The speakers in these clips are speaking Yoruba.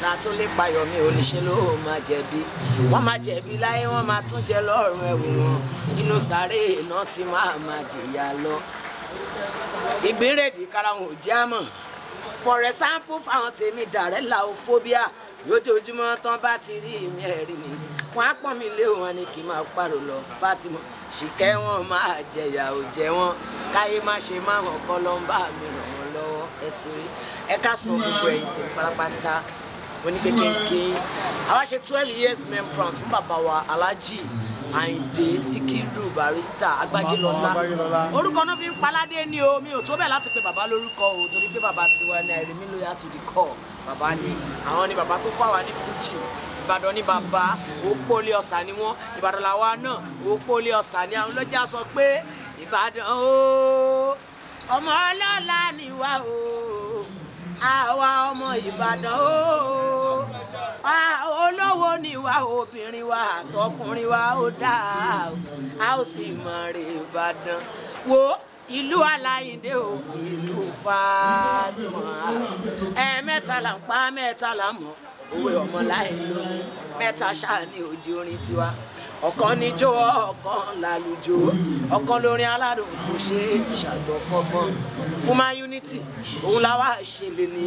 ta tó lè payọ̀ mi ò ní ṣe ló máa jẹ̀bi wọ́n máa jẹ̀bi láyé wọ́n máa tún jẹ lọ́rùn ẹ̀wù wọn inú sáré náà ti máa máa jìyà lọ. ìgbérèdì karahun ò àmọ̀ for example fáwọn tèmi dàrẹ́ la ophobia lójoojúmọ́ tán bá ti rí ìmí ẹ̀rí ni wọ́n á pọ́n mi lé wọn ni kì í máa pààrọ̀ lọ Fatima ṣìkẹ́ wọn máa jẹyà ò jẹ wọn káyé má ṣe máa hàn kọ́ lọ́nbà mi ràn wọ́n lọ́wọ́ ẹ ti rí ẹ ká sọ gbogbo ẹ̀yìn tì pátápátá oníkékèké àwa ṣe twelve years membrance fún bàbá wa alhaji àyìndé síkírù barista agbájélọlá orúkọ náà fi ń paládé ni o mi ò tó bẹ́ẹ̀ láti pe bàbá lórúkọ o torí pé bàbá tiwa ni àìrí mi lóya to the call bàbá ni àwọn ni bàbá tó kọ́ àwa ní fuji ìbàdàn ni bàbá òpólé ọ̀sà ni wọ́n ìbàdàn làwa náà òpólé ọ̀sà ni àwọn ọlọ́jà sọ pé ìbàdàn ooo ọmọ ọlọ́lá ni wá o àwa ọmọ ìbàdàn ooo olówó ni wá obìnrin wa àtọkùnrin wa ó dáa a ó sì mọ̀ rè Ìbàdàn wo ìlú aláìndé o ìlú Fatima ẹ̀ẹ́mẹ́ta là ń pa mẹ́ta là mọ̀ òwe ọmọ láì lóní ṣáà ní òjì orin tiwa ọ̀kan níjó ọ̀kan lálùjó ọ̀kan lórin aládùn tó ṣe é ṣàgbọ̀ kọ́gbọ́n Fuma Unity òun làwa ṣẹlẹ̀ ní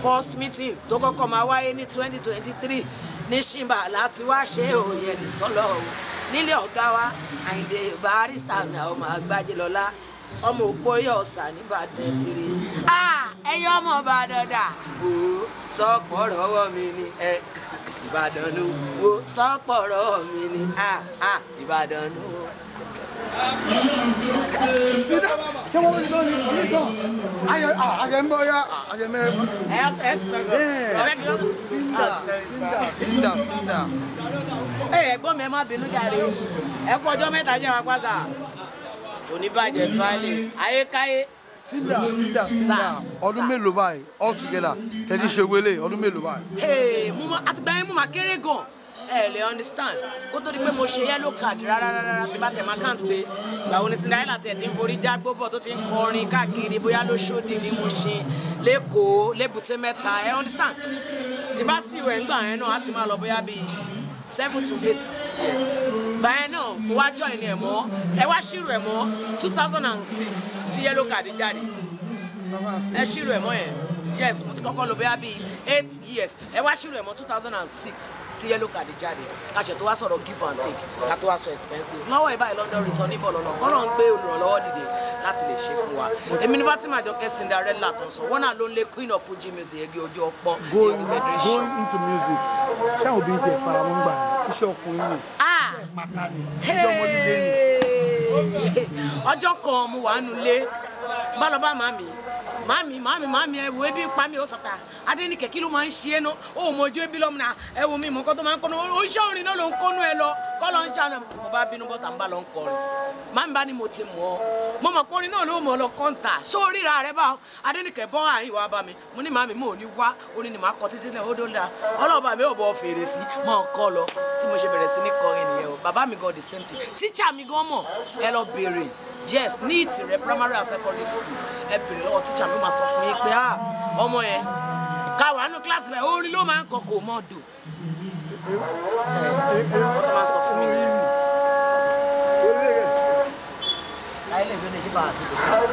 first meeting tó kọ́kọ́ máa wáyé ní twenty twenty three ní Shimba láti wá ṣe òye nìsọ́lọ́ o nílé ọ̀gá wa Àyìndé Barrister mi àwọn ọmọ Àgbájélọlá ah, ọmọ òpóyè ọ̀sà nìbàdàn tiri ẹ̀yọ́ ọmọ bàdàn dà ó sọ pọ̀ rọ́wọ́ mi ni ẹ̀ ìbàdàn ló wo sọ́pọ̀rọ̀ mi ni ìbàdàn ló wo. ṣé wọ́n wọlé lórí orí tán ayọ̀ ayọ̀ ah, ń bọ̀ ya ayọ̀ ah, mẹ́rin bọ̀. ẹ ẹ sọ̀rọ̀ ọ̀rẹ́ mi yóò sinda ah, sinda sinda. ẹ ẹ̀gbọ́n mi ẹ má bínú jàre ẹ kú ọjọ́ ṣe wá pàṣà òní bàjẹ́ tó a lè ayé káyé sílà sílà sílà ọdún mélòó báyìí all together tẹ́tí ṣe wélé ọdún mélòó báyìí. ee mo mọ àtìgbà yẹn mo máa kéré gan ẹ lè understand kó tó di pé mo ṣe yellow card rárá rárá tí bá tẹ̀ máa kàn pé gbàwo ni Cinderella tiẹ̀ ti ń forí jágbó bọ̀ tó ti ń kọrin káàkiri bóyá lóṣòdì ni mo ṣe lẹ́kọ̀ọ́ lẹ́bùté mẹ́ta ẹ understand Ti bá fi ìwẹ̀ ńgbà yẹn náà á ti máa lọ bóyá bíi seven to eight years báyẹn náà mo wá join ẹ̀ mọ́ ẹ wá ṣírò ẹ̀ mọ́ two thousand and six tí yellow card jáde ẹ ṣírò ẹ̀ mọ́ yẹn yes mo ti kọ́kọ́ lò bóyá bíi eight years ẹ wá ṣírò ẹ̀ mọ́ two thousand and six tí yellow card jáde kàṣẹ tó wá sọ̀rọ̀ give and take ká tó wá sọ expensive lọ́wọ́ ìbáyìí London return níbọ̀ lọ́nà kọ́nà ń gbé olùrànlọ́wọ́ dìde láti lè ṣe fún wa èmi ní Fatima Àjọkẹ́ Cinderella tó sọ wọn náà ló ń lé queen of Fuji music egi ojú ọpọ ní federation. going into music ṣáà òbí ti ẹ̀ faramọ́ gbà iṣẹ́ ọkùnrin yìí ọjọ́ kan mo wà nulẹ̀ bá lọ bá màmí màmí màmí màmí ẹ wo ebi ń pa mí ó sọ pé ah, Adéníkẹ́ kí ló máa ń ṣe é nu ó mọ ojú ebi lọ́mùnà ẹ wo mi mọ nǹkan tó máa ń kọ́nu ó ṣé orin náà ló ń kọ́nu ẹ lọ kọ́ ló ń ṣàánú mo bá bínú bọ́tà ń bá lọ ń kọrin màmí bá ní mo ti mọ̀ ọ́ mo mọ̀ pé orin náà ló mọ̀ lọ kọ́ńtà só ríra rẹ bá Adéníkẹ́ bọ́ àárín ìwà bá mi mo ní màmí mo ò ní wá orin ni màá kọ títí náà ó dó da ọlọ́ọ̀bà mi ò bọ fèrè sí mọ̀ ọ́ kọ́ lọ tí mo ṣe bẹ̀rẹ̀ sí ní kọrin nìyẹn o bàbá mi gan the same thing tíṣà mi gan mọ̀ ẹ lọ béèrè yes ní ìtìrẹ primary and secondary school ẹ bèrè lọ́wọ́ tíṣà ló máa sọ fún yín pé ọmọ yẹn káwọn àánú kíláàsì bẹ́ẹ̀ orin ló máa ń kọ kò mọ́ ọdún wọ́n tó máa sọ fún mi ní ìlú. ayẹlẹ ìjọ ní ìṣípa àti ìdìbò.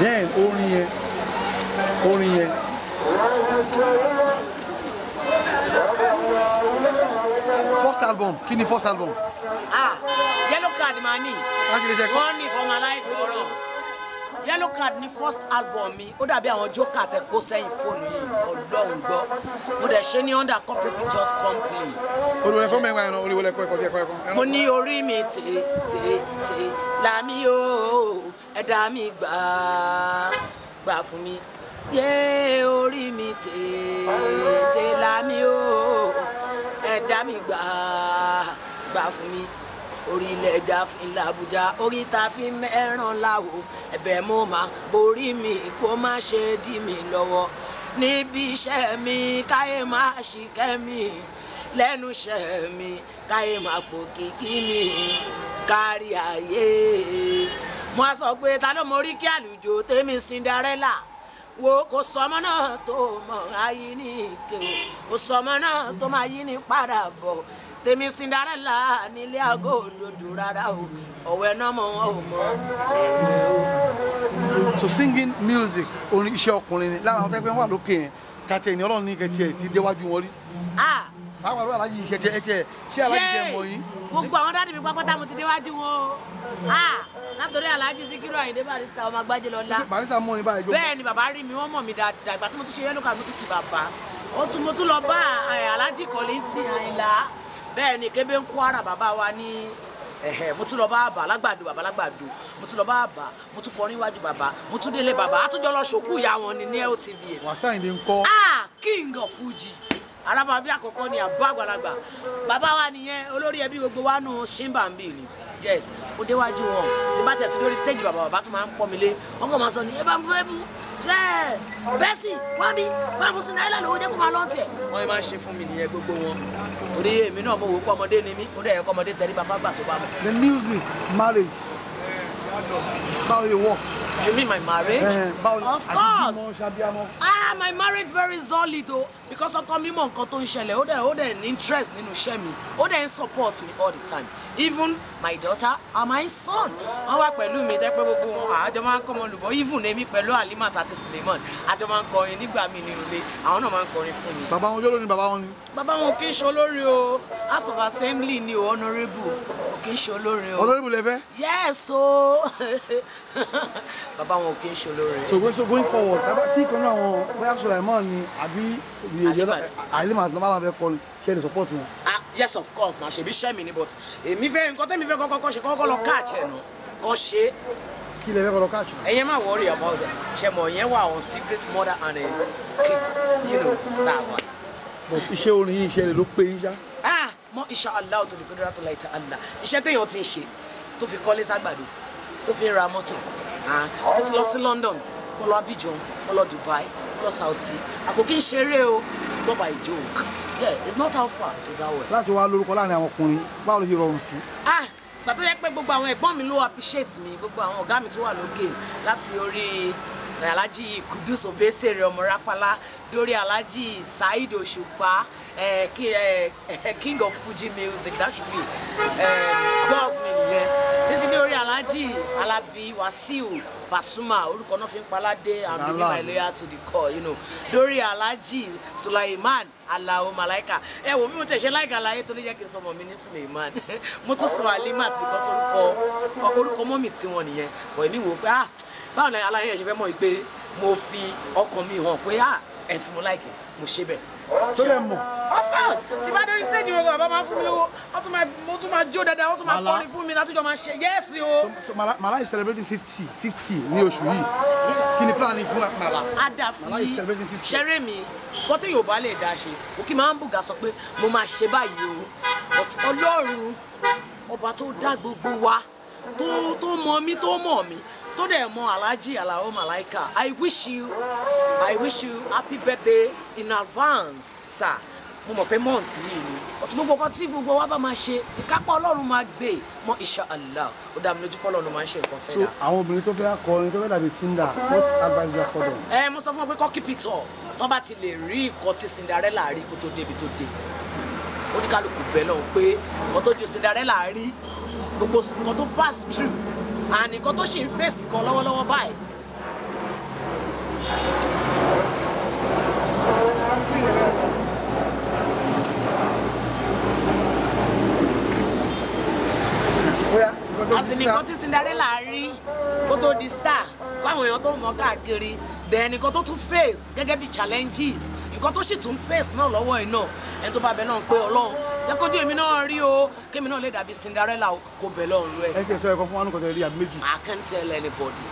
then orin yẹn first album kí first album. ah yellow card máa ní wọ́n ní life aláìgbọràn yellow card ní first album mi ó dàbí àwọn joker tẹ kó sẹ́yìn fóònù yìí ọlọ́run gbọ́ mo dẹ̀ ṣe ní under corporate pictures company. olùwẹ̀lẹ̀ fún mẹ́wàá ẹran olùwẹ̀lẹ̀ kọ́ ẹ̀kọ́ ẹ̀kọ́ ẹ̀kọ́. mo ní orí mi tètè tètè làmì ooo ẹ̀dá mi gbà gbà fún mi yé orí mi tètè lámì o ẹ̀dá mi gbà gbà fún mi orí ilẹ̀ ẹja fi ń làbújá orí ta fi ń mẹ́ràn láwo ẹ̀bẹ̀ mo máa borí mi kó má ṣe dí mi lọ́wọ́ níbi iṣẹ́ mi káyé máa ṣìkẹ́ mi lẹ́nu iṣẹ́ mi káyé máa pòkìkí mi kárí ayé mo á sọ pé ta ló mọ orí kí àlùjò tèmi Cinderella wo kò sọmọ náà tó mọ ayé ní ìké o kò sọmọ náà tó máa yí ní padà bọ̀ tèmi Cinderella nílé aago òdòdó rárá o ọ̀wẹ́ náà mọ̀ wọn ò mọ̀ so singing music orin iṣẹ́ ọkùnrin ni lára àwọn tẹ́gbẹ́ wà lókè yẹn tàtẹ̀ ní ọlọ́run ní kẹtì ti déwájú wọn rí. báwo ló alájí ìṣẹ̀tì ẹ̀ tiẹ̀ ṣé alájí jẹ́ mọ̀ yín. gbogbo àwọn dáàdì mi pápátá mo ti déwájú wọn o látòrí alhaji Sikiru Ayinde barista ọmọ agbájé lọlá bẹ́ẹ̀ ni bàbá rí mi wọ́n mọ̀ mi dáadáa ìgbà tí mo tún ṣe yẹlò kan tún kí bàbá ó tún mo tún lọ bá alhaji Kollington Ayinla bẹ́ẹ̀ ni kébé ń Kwara bàbá wa ní ẹ̀hẹ̀ mo tún lọ bá àbá lágbàdo bàbá lágbàdo mo tún lọ bá àbá mo tún kọrin iwájú bàbá mo tún délé bàbá àtúnjọ lọ ṣòkú ìyá wọn ni ní LTV eight. wàá sáyìn ní ah king of fuji arábàbí àkọ́kọ́ ni àbá àgbàlagbà bàbá wa nìyẹn olórí ẹbí gbogbo wa nù ṣínbà ń yes mo déwájú wọn tí bá tẹ̀ tó lórí stage bàbá bàbá tó máa ń pọ̀ mi lé wọn kàn máa sọ ní ẹ bá ń fẹ́ bu bẹ́sì wọ́n mi wọ́n fún sinmi island owó dẹ́kun máa lọ́ọ́ tiẹ̀. wọ́n máa ń ṣe fún mi nìyẹn gbogbo wọn torí èmi náà mo wò pé ọmọdé ni mí ó dẹ̀ yẹ ọmọdé tẹríba fágbà tó bá mọ̀. the music marriage báwo ni wọ́n. You mean my marriage? Eh, of course. Ah, my marriage very solid though because of mi mọ nǹkan tó ń ṣẹlẹ̀ ó dẹ̀ ó interest nínú iṣẹ́ mi ó dẹ̀ ń support me all the time even my daughter and my son wọ́n wà pẹ̀lú mi jẹ́ pé gbogbo wọn àjọ máa ń kọ́ ọmọ olùbọ́ even èmi pẹ̀lú Alimat àti Suleiman àjọ máa ń kọrin nígbà mi nínú ilé àwọn náà máa ń kọrin fún mi. bàbá wọn yóò lóni Baba, wọn ni. bàbá wọn kì í ṣe o house of assembly ni o honourable kì í ṣe olórin o. olórin lè fẹ́. yes o. bàbá wọn ò kí ń ṣe olórin. so going so going forward bàbá tí kan náà wọn bóyá Sulaiman ni àbí Alimat ló bá làwọn fẹ́ kọ ni ṣe ni support wọn. ah yes of course na ṣebí ṣẹ́mi ni but èmi fẹ́ nǹkan tẹ́mi fẹ́ kọ́kọ́ ṣe kọ́kọ́ lọ káàtì ẹ̀ nù kọ́ ṣe kí lè fẹ́ kọ́ lọ káàtì. ẹ̀yin máa worry about that ṣe mọ̀ yẹn wà on secret mother and kids you know that's why. but iṣẹ́ orin yìí iṣẹ́ rẹ̀ ló pé yín ah mọ iṣẹ́ aláwọ̀ to lè gbẹdúrà tó láì ta àlà iṣẹ́ téèyàn ti ń ṣe tó fi kọ́lé ságbàdo tó fi ra mọ́tò mo ah, ti lọ sí London mo lọ Abidjan mo lọ Dubai mo lọ Saudi àpò kí n ṣeré o it's not by joke yeah it's not how far it's how way. láti wá lórúkọ láàrin àwọn ọkùnrin báwo ló ṣe rọrùn sí. ah gbà tó yẹ pé gbogbo àwọn ẹ̀gbọ́n mi ló appreciate mi gbogbo àwọn ọ̀gá mi tó wà lókè láti orí eh, alhaji kudus obesere ọmọ rapala dórí alhaji saheed òṣùpá eh, eh, king of fuji music that should be boss Fuji Alabi Wasiu basuma orúkọ náà fi ń paládé and be my lawyer to the core you know lórí Alhaji Sulaiman Alao Malaika ẹ wo bí mo tẹ̀sẹ̀ láì gàlàyé torí jẹ́ kí n sọmọ mi ní Sulaiman mo tún sọ Alimat because orúkọ orúkọ mọ́mì tiwọn nìyẹn bọ̀ èmi wò pé ah, báwo ni aláyẹ̀ ṣe fẹ́ mọ̀ pé mo fi ọkàn mi hàn pé ah ẹ̀ tí mo láìkè mo ṣe bẹ́ẹ̀. tó lè mọ̀ of course tí bá dórí stage wọn bàbá máa fún mi lówó wọn tún máa mo tún máa jó dáadáa wọn tún máa kọrin fún mi látúnjọ máa ṣe yes o. so mala is celebrating fifty fifty ní oṣù yìí kí ni plan fún mala. adafi ṣeré mi kọ́tí yorùbá lè dá ṣe òkè máa ń bùgà sọ pé mo máa ṣe báyìí o ọlọ́run ọba tó dá gbogbo wa tó tó mọ mí tó mọ mí tó dẹ̀ mọ alhaji alao malaika i wish you i wish you happy birthday in advance sir mo mọ̀ pé month yìí ni ọ̀tún gbogbo kan tí gbogbo wa bá máa ṣe ìkápá ọlọ́run máa gbé mọ insha Allah ó dá mi lójú pọ́ ọlọ́run máa ń ṣe nǹkan fẹ́ dà. àwọn obìnrin tó fẹ́ akọrin tó fẹ́ dàbí sinda what advice you for them. ẹ mo sọ fún wọn pé kọ́ keep it up tó bá ti lè rí ìkọ́ ti Cinderella rí kó tó débi tó dé oníkálukú bẹ́ẹ̀ lọ́hùn pé nǹkan tó ju Cinderella rí gbogbo nǹkan tó pass through and nǹkan tó ṣì ń fèsì kan lọ́wọ́lọ́wọ́ báyìí Thank you. àsìnìkan tí Cinderella rí kó tó di star káwọn èèyàn tó mọ̀ káàkiri bẹ́ẹ̀ nìkan tó tún face gẹ́gẹ́ bí challenges nǹkan tó sì tún face náà lọ́wọ́ ẹ̀ náà ẹni tó bá bẹ náà pé ọlọ́run jẹ́kọ́jú èmi náà rí o kémi náà lè dàbí Cinderella o kò bẹ̀ lọ́run rẹ̀ sí. ẹ ṣe sọ ẹ̀kọ́ fún wa nìkan tó rí àbí méjì. I can't tell anybody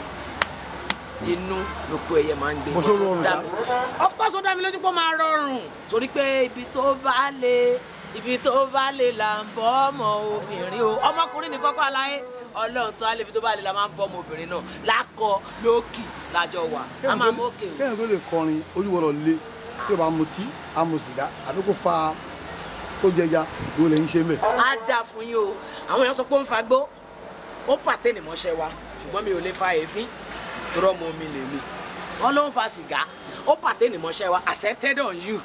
inú lóko ẹyẹ máa ń gbé bó tó dá mi of course ó dá mi lójú pé ó máa rọrùn torí pé ibi tó bá lè ibi tó bá lè là ń bọ́ ọmọ obìnrin o ọmọkùnrin ní kọ́kọ́ aláyé ọlọ́run tó á lè fi tó bá lè là máa ń bọ́ ọmọ obìnrin náà lákọ lókì lájọ wà á máa mú òkè o. kéèyàn tó lè kọrin olúwọlọ lé tí o bá mutí amùsìgá àbí kó fa kó jẹja ìwọ lè ń ṣe mẹ. á dà fún yín o àwọn èèyàn sọ pé ó ń fagbó ó pàtẹ́nì mọ́ṣẹ́ wa ṣùgbọ́n mi ò lè fa èéfín tó rọ́ mọ́ omi lèmi wọ́n ló ń fa sìgá ó pàtẹ́nì mọ́ṣẹ́ wa accepted on you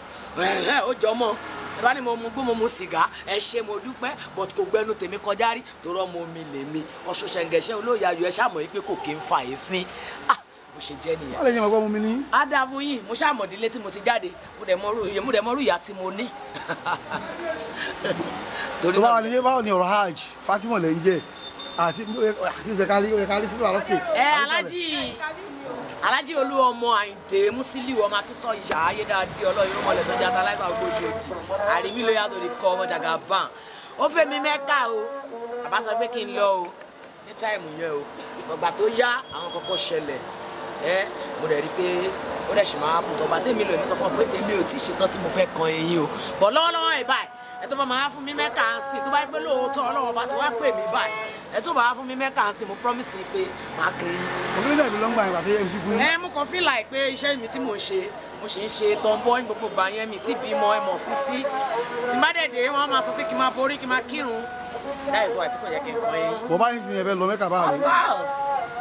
ó jọ mọ́ bá ní mo mu gbó mo mu sìgá ẹ ṣe mo dúpẹ́ but kò gbẹnu tèmi kọjá rí torí ọmọ mi lèmi ọ̀ṣun ṣẹ̀ǹgẹ̀ṣẹ̀ olóòyà ayọ̀ ẹ ṣàmọ̀ yìí pé kò kí ń fa èéfín ah, bó ṣe jẹ́ nìyẹn. wọ́n lè yan ọgbọ́n mu mi ní. á dáa fún yín mo tí mo ti jáde mo dẹ̀ mọ́rú ìyá tí mo ní. torí náà báwo ni báwo ni ọ̀rọ̀ hajj Fatima lè ń jẹ àti ó yẹ ká lé sínú àlọ́kè. ẹ alájì alhaji olú ọmọ àyìndé musiliu ọmọ akínsọ ìyá ayédáadé ọlọ́yin ló mọ̀lẹ́ tó jẹ́ ataláìsà ogójì òdì àrímí lóyà tó di kọ́ ọmọ jagaban ó fẹ́ mi mẹ́ka o bàbá sọ pé kí n lọ o ní táìmù yẹn o bàbá tó yá àwọn kọ́kọ́ ṣẹlẹ̀ ẹ mo dẹ̀ rí pé ó dẹ̀ sì máa bù tọ́ba tèmi lò ní sọ fún ọ pé èmi ò tí ì ṣetán tí mo fẹ́ kan eyín o bọ̀ lọ́wọ́lọ́wọ́ ẹ̀ báyìí ẹ̀ tó bá máa fún mi mẹ́ka sí tó bá yẹ lóòótọ́ ọlọ́wọ́ bá ti wá pè mí báyìí ẹ tó bá wá fún mi mẹ́ka sí mo promise yìí pé màá kiri. òfin ìjà ìbílọ̀ ń gbà àgbà fi mc fún yín. ẹ mú kàn feel pé iṣẹ́ mi tí mò ṣe mo ṣe ń ṣe tọ́ńbọ́ gbogbo ìgbà mi tí bímọ ẹ mọ̀ sí sí tí má dẹ̀dẹ̀ wọn máa sọ pé kí n máa borí kí n máa kírun that is why tí kò yẹ kí n kàn yín. bó bá sì yẹn fẹ́ lọ mẹ́ka báyìí. of course.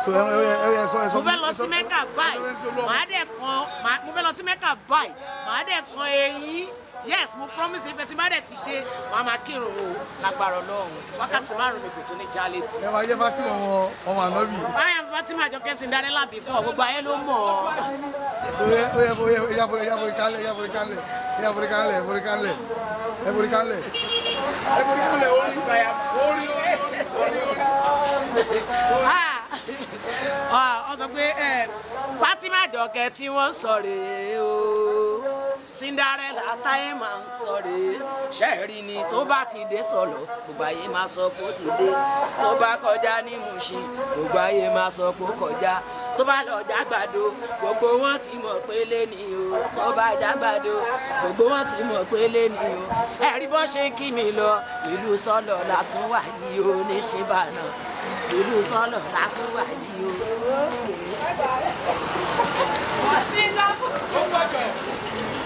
so ẹ ẹ ẹ sọ ẹ sọ. mo fẹ́ lọ sí mẹ́ka báyìí màá dẹ̀ kan mo fẹ́ lọ sí mẹ́ka báyìí màá dẹ̀ kan eyín yes mo promise ibẹ̀ tí má dẹ̀ ti dé wàá máa kírun o lágbára ọlọ́run wákàtí márùn-ún mi kò tún ní já létí. ẹ máa jẹ́ Fatima ọmọ ọmọ ànábì. I am Fatima Àjọkẹ́ Cinderella before gbogbo ayé ló mọ̀ ọ́. ó yẹ bóyá ó yá bóyá yá bóyá kálẹ̀ yá bóyá kálẹ̀ yá bóyá kálẹ̀ yá bóyá kálẹ̀ yá bóyá kálẹ̀ yá bóyá kálẹ̀ orí orí orí orí. ọ sọ pé Fatima Àjọkẹ́ tí wọ́n sọ rèé o. Cinderella time à ń sọ rèé ṣẹ́ẹ̀rí ni tó bá ti dé sọ̀lọ̀ gbogbo ayé máa sọ pé ó ti dé tó bá kọjá ní Mùṣin gbogbo ayé máa sọ pé ó kọjá tó bá lọ jágbàdo gbogbo wọn ti mọ̀ pé lẹ́ni o tó bá jágbàdo gbogbo wọn ti mọ̀ pé lẹ́ni o ẹ̀rí bọ́ ṣe kí mi lọ ìlú sọ́lọ̀ látún wà yìí o ní ṣìbànà ìlú sọ́lọ̀ látún wà yìí o. Ó gbàjọ́.